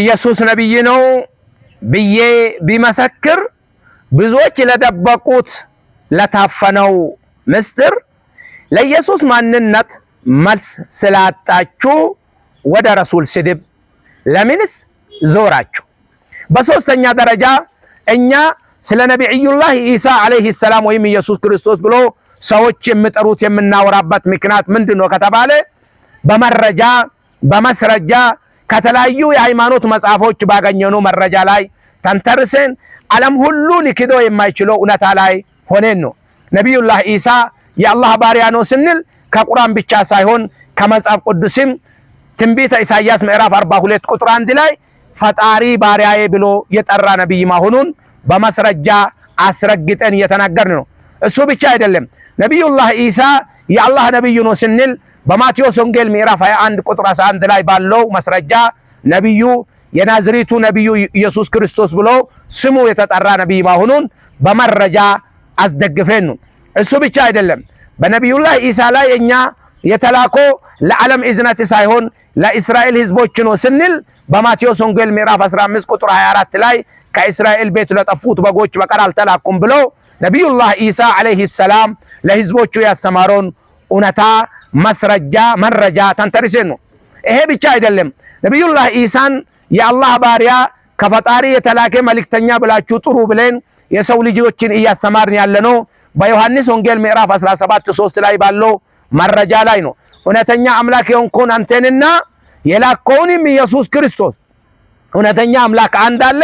ኢየሱስ ነብይ ነው ብዬ ቢመሰክር ብዙዎች ለደበቁት ለታፈነው ምስጢር ለኢየሱስ ማንነት መልስ ስላጣችሁ ወደ ረሱል ስድብ ለምንስ ዞራችሁ? በሶስተኛ ደረጃ እኛ ስለ ነቢዩላህ ኢሳ አለይሂ ሰላም ወይም ኢየሱስ ክርስቶስ ብሎ ሰዎች የሚጠሩት የምናወራበት ምክንያት ምንድን ነው ከተባለ በመረጃ በመስረጃ ከተለያዩ የሃይማኖት መጽሐፎች ባገኘኑ መረጃ ላይ ተንተርሰን ዓለም ሁሉ ሊክዶ የማይችለው እውነታ ላይ ሆነን ነው። ነቢዩላህ ኢሳ የአላህ ባሪያ ነው ስንል ከቁርአን ብቻ ሳይሆን ከመጽሐፍ ቅዱስም ትንቢተ ኢሳያስ ምዕራፍ 42 ቁጥር አንድ ላይ ፈጣሪ ባሪያዬ ብሎ የጠራ ነቢይ መሆኑን በማስረጃ አስረግጠን እየተናገርን ነው። እሱ ብቻ አይደለም፣ ነቢዩላህ ኢሳ የአላህ ነቢይ ነው ስንል በማቴዎስ ወንጌል ምዕራፍ 21 ቁጥር 11 ላይ ባለው መስረጃ ነቢዩ የናዝሬቱ ነቢዩ ኢየሱስ ክርስቶስ ብሎ ስሙ የተጠራ ነቢይ መሆኑን በመረጃ አስደግፌን እሱ ብቻ አይደለም፣ በነቢዩላህ ኢሳ ላይ እኛ የተላኮ ለዓለም እዝነት ሳይሆን ለእስራኤል ሕዝቦች ነው ስንል በማቴዎስ ወንጌል ምዕራፍ 15 ቁጥር 24 ላይ ከእስራኤል ቤት ለጠፉት በጎች በቀር አልተላኩም ብሎ ነቢዩላህ ኢሳ ዓለይሂ ሰላም ለሕዝቦቹ ያስተማረውን እውነታ ማስረጃ መረጃ ተንተርሴን ነው። ይሄ ብቻ አይደለም። ነቢዩላህ ኢሳን የአላህ ባሪያ ከፈጣሪ የተላከ መልእክተኛ ብላችሁ ጥሩ ብለን የሰው ልጆችን እያስተማርን ያለነው በዮሐንስ ወንጌል ምዕራፍ 17 3 ላይ ባለው መረጃ ላይ ነው። እውነተኛ አምላክ የሆንኩን አንተንና የላከውንም ኢየሱስ ክርስቶስ እውነተኛ አምላክ አንድ አለ፣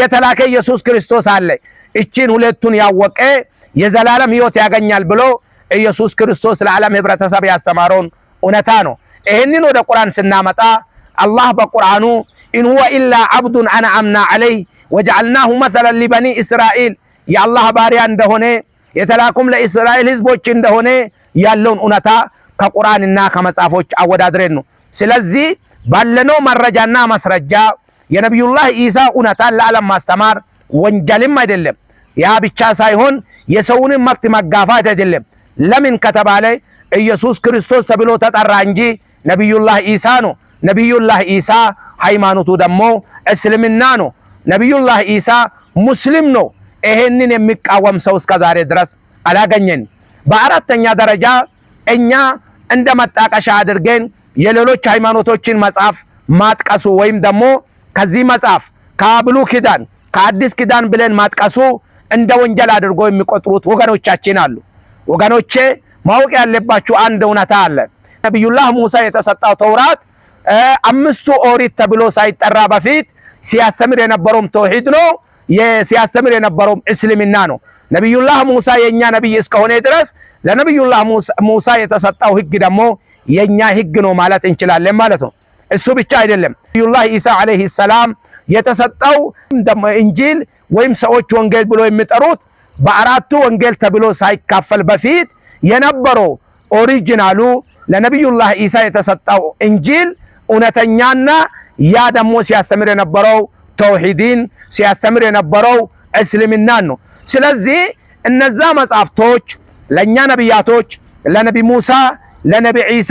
የተላከ ኢየሱስ ክርስቶስ አለ። እችን ሁለቱን ያወቀ የዘላለም ሕይወት ያገኛል ብሎ ኢየሱስ ክርስቶስ ለዓለም ህብረተሰብ ያስተማረውን እውነታ ነው። ይህንን ወደ ቁርአን ስናመጣ አላህ በቁርአኑ ኢን ሁወ ኢላ አብዱን አንዓምና ዐለይህ ወጀዐልናሁ መሰለን ሊበኒ እስራኤል የአላህ ባሪያ እንደሆነ የተላኩም ለእስራኤል ህዝቦች እንደሆነ ያለውን እውነታ ከቁርአንና ከመጽሐፎች አወዳድረን ነው። ስለዚህ ባለነው መረጃና ማስረጃ የነቢዩላህ ኢሳ እውነታን ለዓለም ማስተማር ወንጀልም አይደለም። ያ ብቻ ሳይሆን የሰውንም መብት መጋፋት አይደለም። ለምን ከተባለ ኢየሱስ ክርስቶስ ተብሎ ተጠራ እንጂ ነቢዩላህ ኢሳ ነው። ነቢዩላህ ኢሳ ሃይማኖቱ ደግሞ እስልምና ነው። ነቢዩላህ ኢሳ ሙስሊም ነው። ይሄንን የሚቃወም ሰው እስከ ዛሬ ድረስ አላገኘን። በአራተኛ ደረጃ እኛ እንደ መጣቀሻ አድርገን የሌሎች ሃይማኖቶችን መጽሐፍ ማጥቀሱ ወይም ደግሞ ከዚህ መጽሐፍ ከብሉ ኪዳን ከአዲስ ኪዳን ብለን ማጥቀሱ እንደ ወንጀል አድርጎ የሚቆጥሩት ወገኖቻችን አሉ። ወገኖቼ ማወቅ ያለባችሁ አንድ እውነታ አለ። ነቢዩላህ ሙሳ የተሰጣው ተውራት አምስቱ ኦሪት ተብሎ ሳይጠራ በፊት ሲያስተምር የነበረውም ተውሂድ ነው። ሲያስተምር የነበረውም እስልምና ነው። ነቢዩላህ ሙሳ የእኛ ነቢይ እስከሆነ ድረስ ለነቢዩላህ ሙሳ የተሰጣው ህግ ደግሞ የእኛ ህግ ነው ማለት እንችላለን ማለት ነው። እሱ ብቻ አይደለም። ነቢዩላህ ኢሳ አለይሂ ሰላም የተሰጠው ኢንጂል ወይም ሰዎች ወንጌል ብሎ የሚጠሩት በአራቱ ወንጌል ተብሎ ሳይካፈል በፊት የነበረው ኦሪጂናሉ ለነቢዩላህ ኢሳ የተሰጠው እንጂል እውነተኛና ያ ደግሞ ሲያስተምር የነበረው ተውሂድን ሲያስተምር የነበረው እስልምናን ነው። ስለዚህ እነዛ መጻሕፍቶች ለእኛ ነቢያቶች ለነቢ ሙሳ፣ ለነቢ ዒሳ፣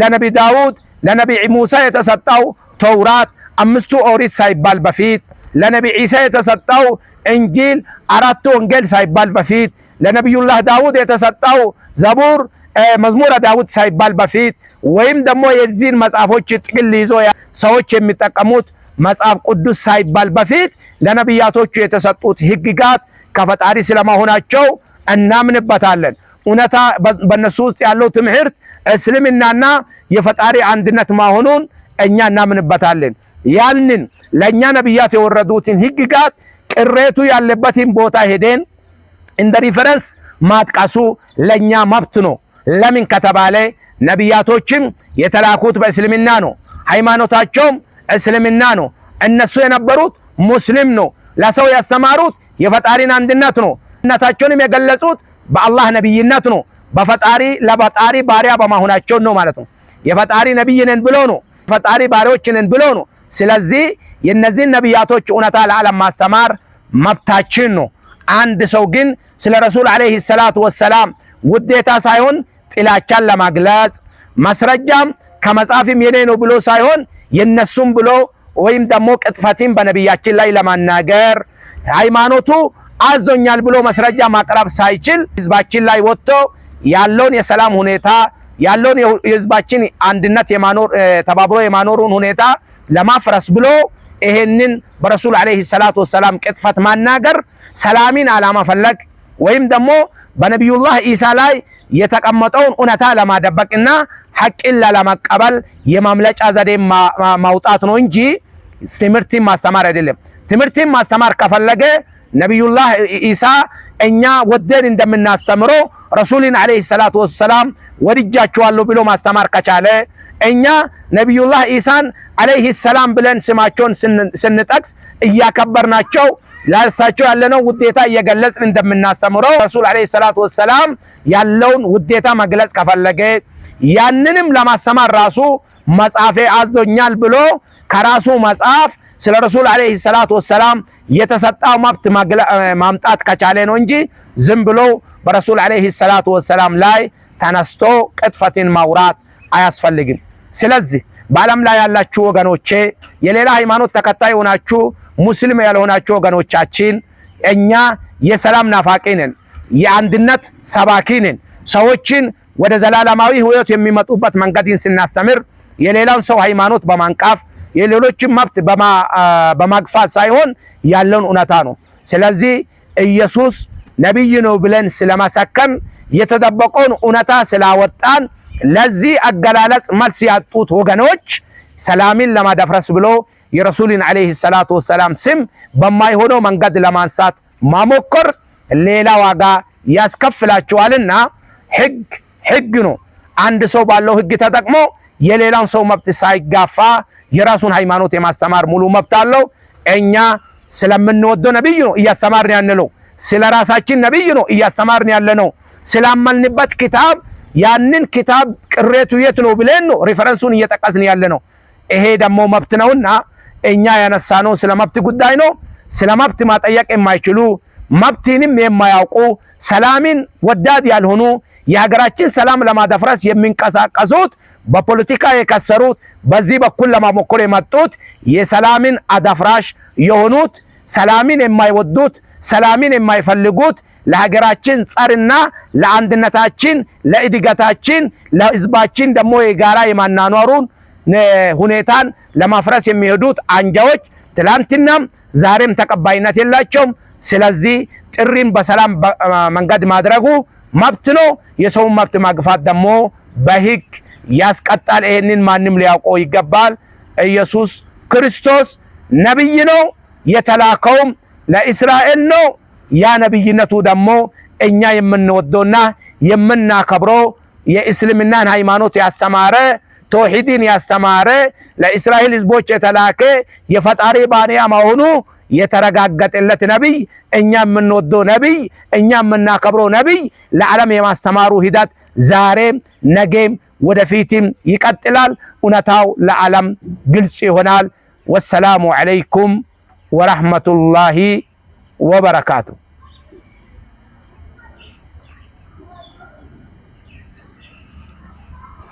ለነቢ ዳውድ፣ ለነቢ ሙሳ የተሰጠው ተውራት አምስቱ ኦሪት ሳይባል በፊት ለነቢ ዒሳ የተሰጠው እንጂል አራቱ ወንጌል ሳይባል በፊት ለነቢዩላህ ዳውድ የተሰጠው ዘቡር መዝሙረ ዳውድ ሳይባል በፊት ወይም ደግሞ የዚህን መጽሐፎች ጥቅል ይዞ ሰዎች የሚጠቀሙት መጽሐፍ ቅዱስ ሳይባል በፊት ለነቢያቶቹ የተሰጡት ህግጋት ከፈጣሪ ስለመሆናቸው እናምንበታለን። እውነታ በነሱ ውስጥ ያለው ትምህርት እስልምናና የፈጣሪ አንድነት መሆኑን እኛ እናምንበታለን። ያንን ለእኛ ነቢያት የወረዱትን ህግጋት ቅሬቱ ያለበትን ቦታ ሄደን እንደ ሪፈረንስ ማጥቀሱ ለእኛ መብት ነው። ለምን ከተባለ ነቢያቶችም የተላኩት በእስልምና ነው። ሃይማኖታቸውም እስልምና ነው። እነሱ የነበሩት ሙስሊም ነው። ለሰው ያስተማሩት የፈጣሪን አንድነት ነው። እናታቸውንም የገለጹት በአላህ ነቢይነት ነው። በፈጣሪ ለፈጣሪ ባሪያ በማሆናቸው ነው ማለት ነው። የፈጣሪ ነቢይ ነን ብሎ ነው። ፈጣሪ ባሪያዎች ነን ብሎ ነው። ስለዚህ የእነዚህን ነቢያቶች እውነታ ለዓለም ማስተማር መብታችን ነው። አንድ ሰው ግን ስለ ረሱል ዓለይሂ ሰላቱ ወሰላም ውዴታ ሳይሆን ጥላቻን ለማግለጽ ማስረጃም ከመጽሐፍም የኔ ነው ብሎ ሳይሆን የነሱም ብሎ ወይም ደግሞ ቅጥፈትም በነቢያችን ላይ ለማናገር ሃይማኖቱ አዞኛል ብሎ መስረጃ ማቅረብ ሳይችል ህዝባችን ላይ ወጥቶ ያለውን የሰላም ሁኔታ ያለውን የህዝባችን አንድነት ተባብሮ የማኖሩን ሁኔታ ለማፍረስ ብሎ ይሄንን በረሱል ዓለይሂ ሰላቱ ወሰላም ቅጥፈት ማናገር ሰላሚን አላመፈለግ ወይም ደግሞ በነቢዩላህ ኢሳ ላይ የተቀመጠውን እውነታ ለማደበቅና ሐቅን ላለመቀበል የማምለጫ ዘዴ ማውጣት ነው እንጂ ትምህርትን ማስተማር አይደለም። ትምህርትን ማስተማር ከፈለገ ነቢዩላህ ኢሳ እኛ ወደን እንደምናስተምሮ ረሱልን ዓለይሂ ሰላቱ ወሰላም ወድጃችኋለሁ ብሎ ማስተማር ከቻለ እኛ ነቢዩላህ ኢሳን አለይህ ሰላም ብለን ስማቸውን ስንጠቅስ እያከበርናቸው ለእሳቸው ያለነው ውዴታ እየገለጽን እንደምናስተምረው ረሱል አለይሂ ሰላቱ ወሰላም ያለውን ውዴታ መግለጽ ከፈለገ ያንንም ለማስተማር ራሱ መጽሐፌ አዞኛል ብሎ ከራሱ መጽሐፍ ስለ ረሱል አለይሂ ሰላቱ ወሰላም የተሰጣው መብት ማምጣት ከቻለ ነው እንጂ ዝም ብሎ በረሱል አለይሂ ሰላቱ ወሰላም ላይ ተነስቶ ቅጥፈትን ማውራት አያስፈልግም። ስለዚህ በዓለም ላይ ያላችሁ ወገኖቼ የሌላ ሃይማኖት ተከታይ ሆናችሁ ሙስሊም ያልሆናችሁ ወገኖቻችን እኛ የሰላም ናፋቂ ነን፣ የአንድነት ሰባኪ ነን። ሰዎችን ወደ ዘላለማዊ ህይወት የሚመጡበት መንገድን ስናስተምር የሌላውን ሰው ሃይማኖት በማንቃፍ የሌሎችን መብት በማግፋት ሳይሆን ያለውን እውነታ ነው። ስለዚህ ኢየሱስ ነቢይ ነው ብለን ስለመሰከን የተደበቀውን እውነታ ስላወጣን ለዚህ አገላለጽ መልስ ያጡት ወገኖች ሰላምን ለማደፍረስ ብሎ የረሱልን ዓለይሂ ሰላቱ ወሰላም ስም በማይሆነው መንገድ ለማንሳት ማሞከር ሌላ ዋጋ ያስከፍላቸዋልና ህግ ህግ ነው። አንድ ሰው ባለው ህግ ተጠቅሞ የሌላውን ሰው መብት ሳይጋፋ የራሱን ሃይማኖት የማስተማር ሙሉ መብት አለው። እኛ ስለምንወደው ነቢይ ነው እያስተማርን ያንለው፣ ስለ ራሳችን ነቢይ ነው እያስተማርን ያለ ነው፣ ስላመልንበት ክታብ ያንን ኪታብ ቅሬቱ የት ነው ብለን ነው ሪፈረንሱን እየጠቀስን ያለ ነው። ይሄ ደግሞ መብት ነውና እኛ ያነሳነው ስለ መብት ጉዳይ ነው። ስለ መብት ማጠየቅ የማይችሉ መብትንም የማያውቁ ሰላምን ወዳድ ያልሆኑ የሀገራችን ሰላም ለማደፍረስ የሚንቀሳቀሱት በፖለቲካ የከሰሩት በዚህ በኩል ለማሞከር የመጡት የሰላምን አዳፍራሽ የሆኑት ሰላምን የማይወዱት ሰላምን የማይፈልጉት ለሀገራችን ጸርና ለአንድነታችን፣ ለእድገታችን፣ ለህዝባችን ደግሞ የጋራ የማናኗሩን ሁኔታን ለማፍረስ የሚሄዱት አንጃዎች ትላንትናም ዛሬም ተቀባይነት የላቸውም። ስለዚህ ጥሪም በሰላም መንገድ ማድረጉ መብት ነው። የሰውን መብት ማግፋት ደግሞ በህግ ያስቀጣል። ይህንን ማንም ሊያውቀው ይገባል። ኢየሱስ ክርስቶስ ነቢይ ነው። የተላከውም ለእስራኤል ነው። ያ ነብይነቱ ደግሞ እኛ የምንወደውና የምናከብረው የእስልምናን ሃይማኖት ያስተማረ ተውሂድን ያስተማረ ለእስራኤል ህዝቦች የተላከ የፈጣሪ ባንያ መሆኑ የተረጋገጠለት ነቢይ እኛ የምንወደው ነቢይ እኛ የምናከብረው ነቢይ ለዓለም የማስተማሩ ሂደት ዛሬም ነገም ወደፊትም ይቀጥላል። እውነታው ለዓለም ግልጽ ይሆናል። ወሰላሙ ዓለይኩም ወረሕመቱላሂ ወበረካቱ።